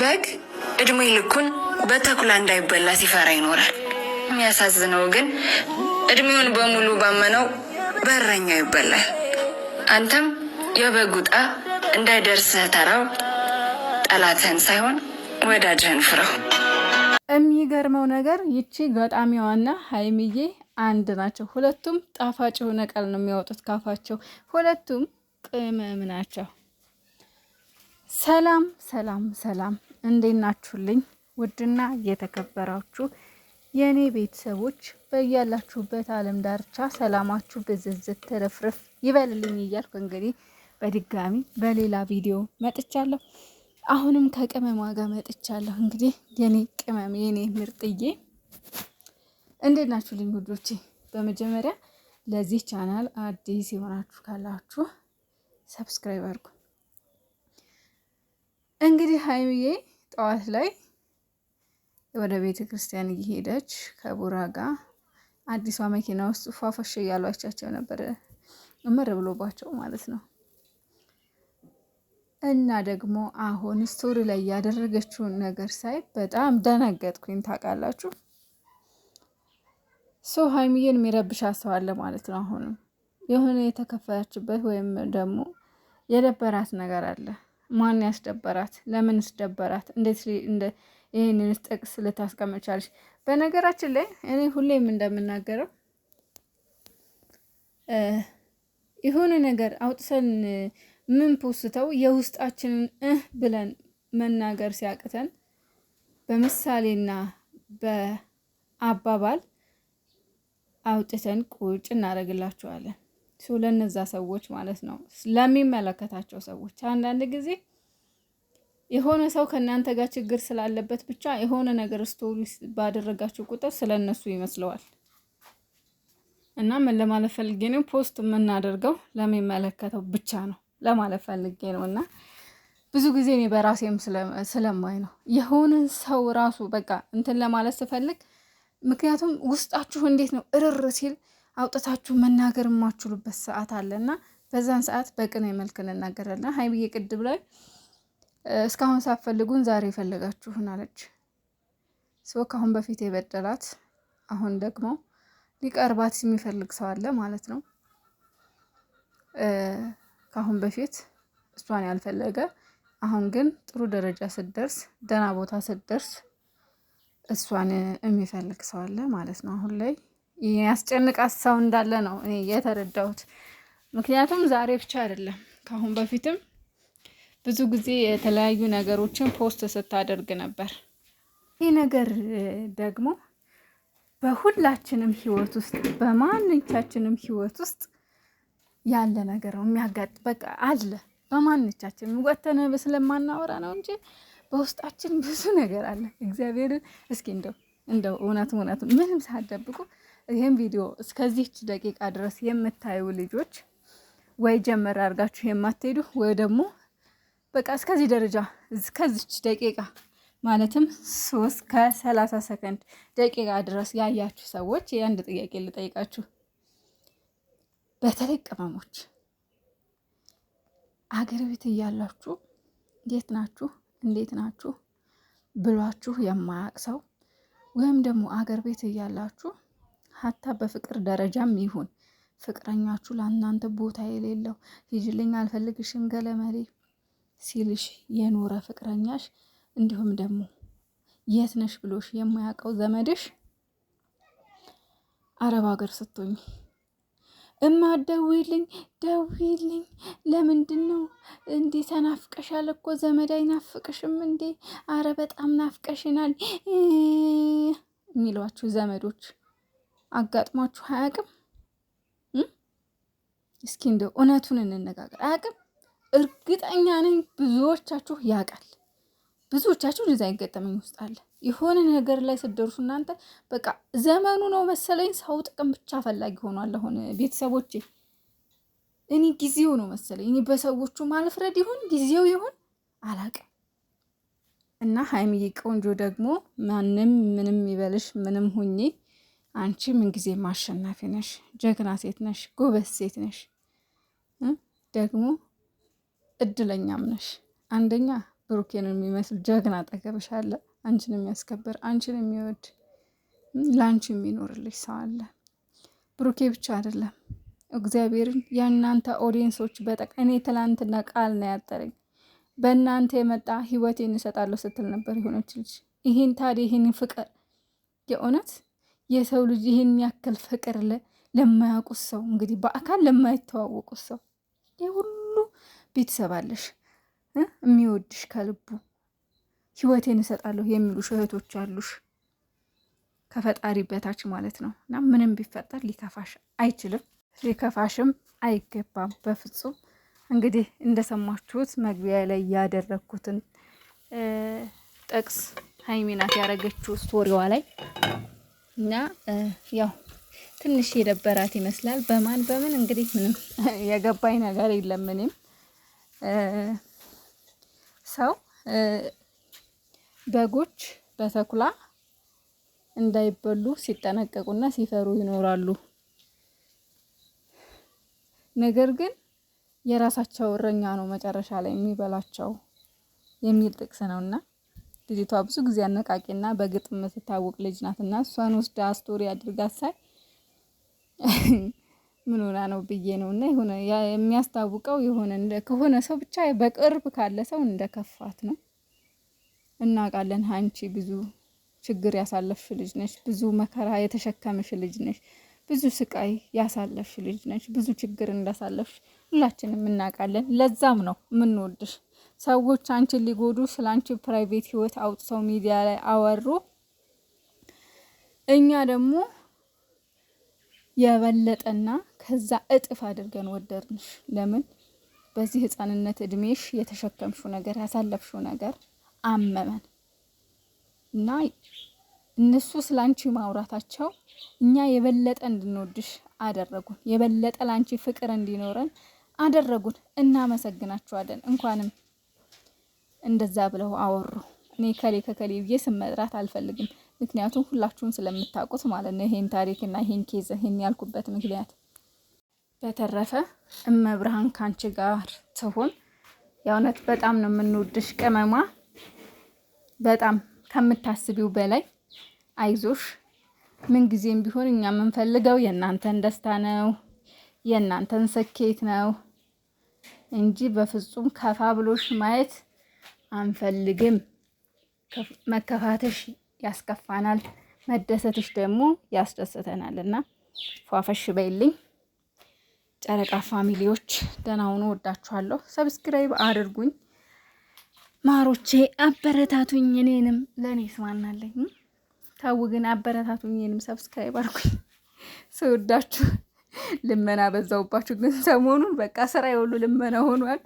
በግ እድሜ ልኩን በተኩላ እንዳይበላ ሲፈራ ይኖራል። የሚያሳዝነው ግን እድሜውን በሙሉ ባመነው በረኛው ይበላል። አንተም የበግ ዕጣ እንዳይደርስህ ተራው ጠላትህን ሳይሆን ወዳጅህን ፍረው የሚገርመው ነገር ይቺ ገጣሚዋና ሀይሚዬ አንድ ናቸው። ሁለቱም ጣፋጭ የሆነ ቃል ነው የሚያወጡት ካፋቸው። ሁለቱም ቅመም ናቸው። ሰላም ሰላም ሰላም፣ እንዴት ናችሁልኝ? ውድና እየተከበራችሁ የእኔ ቤተሰቦች በያላችሁበት ዓለም ዳርቻ ሰላማችሁ ብዝዝት ትርፍርፍ ይበልልኝ እያልኩ እንግዲህ በድጋሚ በሌላ ቪዲዮ መጥቻለሁ። አሁንም ከቅመም ዋጋ መጥቻለሁ። እንግዲህ የኔ ቅመም የኔ ምርጥዬ እንዴት ናችሁልኝ ውዶቼ? በመጀመሪያ ለዚህ ቻናል አዲስ የሆናችሁ ካላችሁ ሰብስክራይብ አድርጉ። እንግዲህ ሀይሚዬ ጠዋት ላይ ወደ ቤተ ክርስቲያን እየሄደች ከቡራ ጋር አዲሷ መኪና ውስጥ ፏፈሽ እያሏቻቸው ነበረ፣ እምር ብሎባቸው ማለት ነው። እና ደግሞ አሁን ስቶሪ ላይ ያደረገችውን ነገር ሳይ በጣም ደነገጥኩኝ። ታውቃላችሁ፣ ሶ ሀይሚዬን የሚረብሽ አስተዋለ ማለት ነው። አሁንም የሆነ የተከፈያችበት ወይም ደግሞ የደበራት ነገር አለ። ማን ያስደበራት? ለምንስ ደበራት? እንዴት ይህንን ጥቅስ ልታስቀምጥ ቻለች? በነገራችን ላይ እኔ ሁሌም እንደምናገረው የሆነ ነገር አውጥተን ምን ፖስተው የውስጣችንን እህ ብለን መናገር ሲያቅተን በምሳሌና በአባባል አውጥተን ቁጭ እናደርግላችኋለን። ለነዛ ሰዎች ማለት ነው፣ ለሚመለከታቸው ሰዎች። አንዳንድ ጊዜ የሆነ ሰው ከእናንተ ጋር ችግር ስላለበት ብቻ የሆነ ነገር ስቶሪ ባደረጋችሁ ቁጥር ስለ እነሱ ይመስለዋል። እና ምን ለማለት ፈልጌ ነው፣ ፖስት የምናደርገው ለሚመለከተው ብቻ ነው ለማለት ፈልጌ ነው። እና ብዙ ጊዜ እኔ በራሴም ስለማይ ነው የሆነ ሰው ራሱ በቃ እንትን ለማለት ስፈልግ፣ ምክንያቱም ውስጣችሁ እንዴት ነው እርር ሲል አውጥታችሁ መናገር የማችሉበት ሰዓት አለና በዛን ሰዓት በቅን መልክ እንናገራለን። ሀይሚዬ ቅድም ላይ እስካሁን ሳትፈልጉን ዛሬ የፈለጋችሁን አለች። ሰው ከአሁን በፊት የበደላት አሁን ደግሞ ሊቀርባት የሚፈልግ ሰው አለ ማለት ነው። ከአሁን በፊት እሷን ያልፈለገ አሁን ግን ጥሩ ደረጃ ስትደርስ ደህና ቦታ ስትደርስ እሷን የሚፈልግ ሰው አለ ማለት ነው አሁን ላይ ያስጨንቃት ሰው እንዳለ ነው እኔ የተረዳሁት። ምክንያቱም ዛሬ ብቻ አይደለም ከአሁን በፊትም ብዙ ጊዜ የተለያዩ ነገሮችን ፖስት ስታደርግ ነበር። ይህ ነገር ደግሞ በሁላችንም ህይወት ውስጥ በማንቻችንም ህይወት ውስጥ ያለ ነገር ነው። የሚያጋጥ በቃ አለ በማንቻችን ወተነ ስለማናወራ ነው እንጂ በውስጣችን ብዙ ነገር አለ። እግዚአብሔርን እስኪ እንደው እንደው እውነት እውነት ምንም ሳደብቁ ይህም ቪዲዮ እስከዚህች ደቂቃ ድረስ የምታዩ ልጆች ወይ ጀመር አድርጋችሁ የማትሄዱ ወይ ደግሞ በቃ እስከዚህ ደረጃ እስከዚች ደቂቃ ማለትም ሶስት ከሰላሳ ሰከንድ ደቂቃ ድረስ ያያችሁ ሰዎች የአንድ ጥያቄ ልጠይቃችሁ። በተለይ ቅመሞች አገር ቤት እያላችሁ የት ናችሁ እንዴት ናችሁ ብሏችሁ የማያውቅ ሰው ወይም ደግሞ አገር ቤት እያላችሁ ሀታ በፍቅር ደረጃም ይሁን ፍቅረኛችሁ ለእናንተ ቦታ የሌለው ሂጅልኝ፣ አልፈልግሽም ገለመሌ ሲልሽ የኖረ ፍቅረኛሽ እንዲሁም ደግሞ የት ነሽ ብሎሽ የማያውቀው ዘመድሽ አረብ ሀገር ስትሆኝ እማ ደዊልኝ ደዊልኝ፣ ለምንድን ነው እንዲህ ተናፍቀሻል እኮ ዘመድ አይናፍቅሽም እንዴ? አረ በጣም ናፍቀሽናል የሚሏችሁ ዘመዶች አጋጥሟችሁ አያውቅም? እስኪ እንደ እውነቱን እንነጋገር። አያውቅም? እርግጠኛ ነኝ ብዙዎቻችሁ ያውቃል። ብዙዎቻችሁ እንደዚ አይገጠመኝ ውስጥ አለ። የሆነ ነገር ላይ ስደርሱ እናንተ በቃ ዘመኑ ነው መሰለኝ ሰው ጥቅም ብቻ ፈላጊ ሆኗል። አሁን ቤተሰቦቼ እኔ ጊዜው ነው መሰለኝ እኔ በሰዎቹ ማልፍረድ ይሁን ጊዜው ይሁን አላውቅም። እና ሀይሚዬ ቆንጆ ደግሞ ማንም ምንም ይበልሽ ምንም ሁኜ አንቺ ምንጊዜም አሸናፊ ነሽ፣ ጀግና ሴት ነሽ፣ ጎበዝ ሴት ነሽ፣ ደግሞ እድለኛም ነሽ። አንደኛ ብሩኬን የሚመስል ጀግና አጠገብሽ አለ፣ አንቺን የሚያስከብር አንቺን የሚወድ ለአንቺ የሚኖርልሽ ሰው አለ። ብሩኬ ብቻ አይደለም እግዚአብሔርን የእናንተ ኦዲየንሶች በጠቅ እኔ ትላንትና ቃል ነው ያጠረኝ በእናንተ የመጣ ህይወቴን እሰጣለሁ ስትል ነበር የሆነች ልጅ። ይህን ታዲያ ይህን ፍቅር የእውነት የሰው ልጅ ይህን ያክል ፍቅር ለማያውቁት ሰው እንግዲህ በአካል ለማይተዋወቁት ሰው ይህ ሁሉ ቤተሰብ አለሽ የሚወድሽ ከልቡ ህይወቴን እሰጣለሁ የሚሉሽ እህቶች አሉሽ ከፈጣሪ በታች ማለት ነው። እና ምንም ቢፈጠር ሊከፋሽ አይችልም፣ ሊከፋሽም አይገባም በፍጹም። እንግዲህ እንደሰማችሁት መግቢያ ላይ ያደረግኩትን ጥቅስ ሀይሚናት ያረገችው ስቶሪዋ ላይ እና ያው ትንሽ የደበራት ይመስላል። በማን በምን እንግዲህ ምንም የገባኝ ነገር የለም። እኔም ሰው በጎች በተኩላ እንዳይበሉ ሲጠነቀቁና ሲፈሩ ይኖራሉ። ነገር ግን የራሳቸው እረኛ ነው መጨረሻ ላይ የሚበላቸው የሚል ጥቅስ ነውና ልጅቷ ብዙ ጊዜ አነቃቂና በግጥም የምትታወቅ ልጅ ናትና እሷን ወስዳ ስቶሪ አድርጋት ሳይ ምን ሆና ነው ብዬ ነው። እና የሆነ የሚያስታውቀው የሆነ ከሆነ ሰው ብቻ በቅርብ ካለ ሰው እንደከፋት ነው። እናውቃለን። አንቺ ብዙ ችግር ያሳለፍሽ ልጅ ነች ብዙ መከራ የተሸከምሽ ልጅ ነች። ብዙ ስቃይ ያሳለፍሽ ልጅ ነች። ብዙ ችግር እንዳሳለፍሽ ሁላችንም እናውቃለን። ለዛም ነው የምንወድሽ። ሰዎች አንቺን ሊጎዱ ስለ አንቺ ፕራይቬት ህይወት አውጥተው ሚዲያ ላይ አወሩ። እኛ ደግሞ የበለጠና ከዛ እጥፍ አድርገን ወደድንሽ። ለምን በዚህ ህፃንነት እድሜሽ የተሸከምሽው ነገር ያሳለፍሽው ነገር አመመን እና እነሱ ስለ አንቺ ማውራታቸው እኛ የበለጠ እንድንወድሽ አደረጉን። የበለጠ ለአንቺ ፍቅር እንዲኖረን አደረጉን። እናመሰግናችኋለን። እንኳንም እንደዛ ብለው አወሩ። እኔ ከሌ ከከሌ ብዬ ስም መጥራት አልፈልግም፣ ምክንያቱም ሁላችሁም ስለምታውቁት ማለት ነው ይሄን ታሪክና ይሄን ኬዝ ይሄን ያልኩበት ምክንያት። በተረፈ እመብርሃን ካንቺ ጋር ትሁን። የእውነት በጣም ነው የምንወድሽ ቅመማ፣ በጣም ከምታስቢው በላይ አይዞሽ። ምንጊዜም ቢሆን እኛ የምንፈልገው የእናንተን ደስታ ነው የእናንተን ስኬት ነው እንጂ በፍጹም ከፋ ብሎሽ ማየት አንፈልግም። መከፋተሽ ያስከፋናል፣ መደሰትሽ ደግሞ ያስደስተናል። እና ፏፈሽ በይልኝ ጨረቃ ፋሚሊዎች፣ ደህና ሁኑ። ወዳችኋለሁ። ሰብስክራይብ አድርጉኝ ማሮቼ፣ አበረታቱኝ። እኔንም ለእኔ ስማናለኝ ታው ግን አበረታቱኝ። እኔንም ሰብስክራይብ አድርጉኝ። ስወዳችሁ ልመና በዛውባችሁ፣ ግን ሰሞኑን በቃ ስራ የሁሉ ልመና ሆኗል።